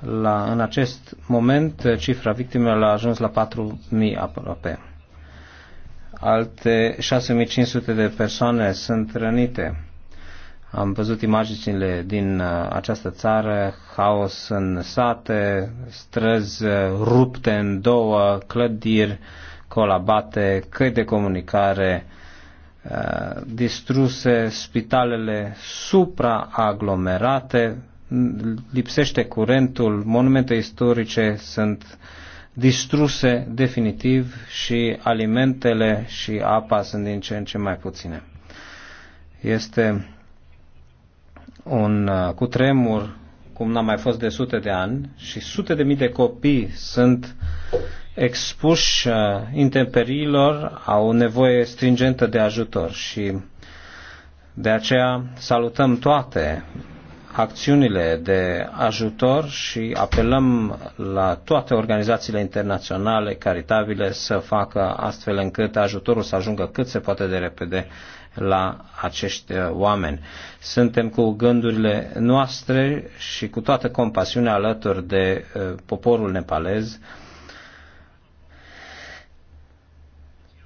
la, în acest moment cifra victimelor a ajuns la 4.000 aproape. Alte 6.500 de persoane sunt rănite. Am văzut imaginile din uh, această țară, haos în sate, străzi uh, rupte în două, clădiri colabate, căi de comunicare uh, distruse, spitalele supraaglomerate, lipsește curentul, monumente istorice sunt distruse definitiv și alimentele și apa sunt din ce în ce mai puține. Este un uh, cutremur cum n-a mai fost de sute de ani și sute de mii de copii sunt expuși uh, intemperiilor, au nevoie stringentă de ajutor și de aceea salutăm toate acțiunile de ajutor și apelăm la toate organizațiile internaționale caritabile să facă astfel încât ajutorul să ajungă cât se poate de repede la acești uh, oameni. Suntem cu gândurile noastre și cu toată compasiunea alături de uh, poporul nepalez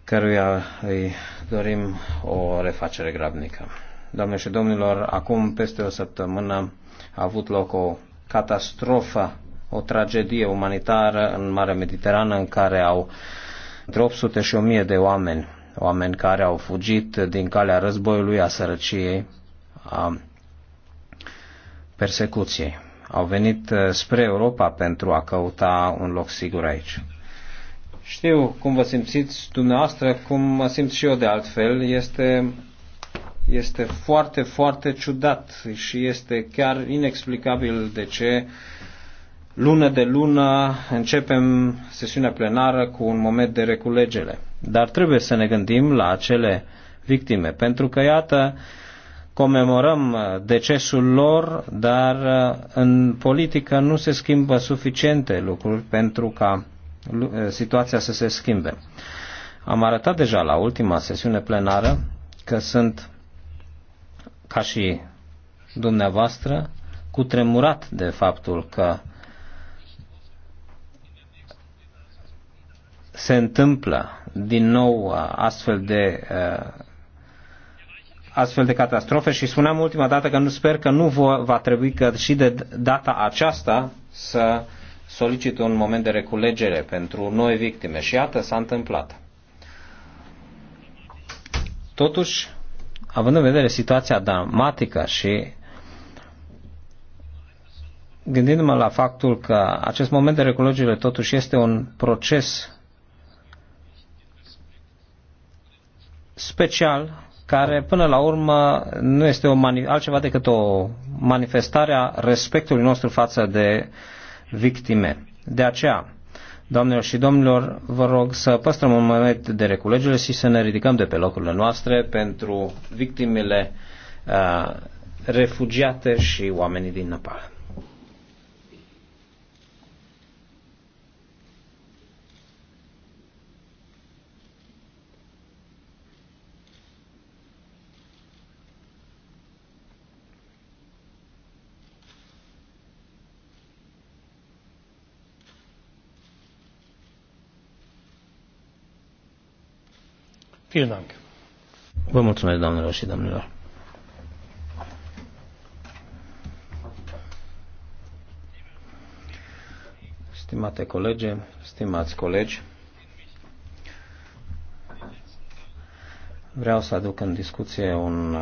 căruia îi dorim o refacere grabnică doamne și domnilor, acum peste o săptămână a avut loc o catastrofă, o tragedie umanitară în Marea Mediterană în care au între 800 și 1000 de oameni, oameni care au fugit din calea războiului, a sărăciei, a persecuției. Au venit uh, spre Europa pentru a căuta un loc sigur aici. Știu cum vă simțiți dumneavoastră, cum mă simt și eu de altfel. Este este foarte, foarte ciudat și este chiar inexplicabil de ce lună de lună începem sesiunea plenară cu un moment de reculegere. Dar trebuie să ne gândim la acele victime, pentru că, iată, comemorăm uh, decesul lor, dar uh, în politică nu se schimbă suficiente lucruri pentru ca uh, situația să se schimbe. Am arătat deja la ultima sesiune plenară că sunt ca și dumneavoastră, cutremurat de faptul că se întâmplă din nou uh, astfel de uh, astfel de catastrofe și spuneam ultima dată că nu sper că nu va trebui că și de data aceasta să solicit un moment de reculegere pentru noi victime. Și iată, s-a întâmplat. Totuși, având în vedere situația dramatică și gândindu-mă la faptul că acest moment de recologere totuși este un proces special care până la urmă nu este o altceva decât o manifestare a respectului nostru față de victime. De aceea, Doamnelor și domnilor, vă rog să păstrăm un moment de reculegere și să ne ridicăm de pe locurile noastre pentru victimele uh, refugiate și oamenii din Nepal. Vielen Vă mulțumesc, doamnelor și domnilor. Stimate colege, stimați colegi, vreau să aduc în discuție un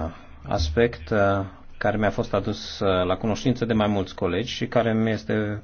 aspect uh, care mi-a fost adus uh, la cunoștință de mai mulți colegi și care mi este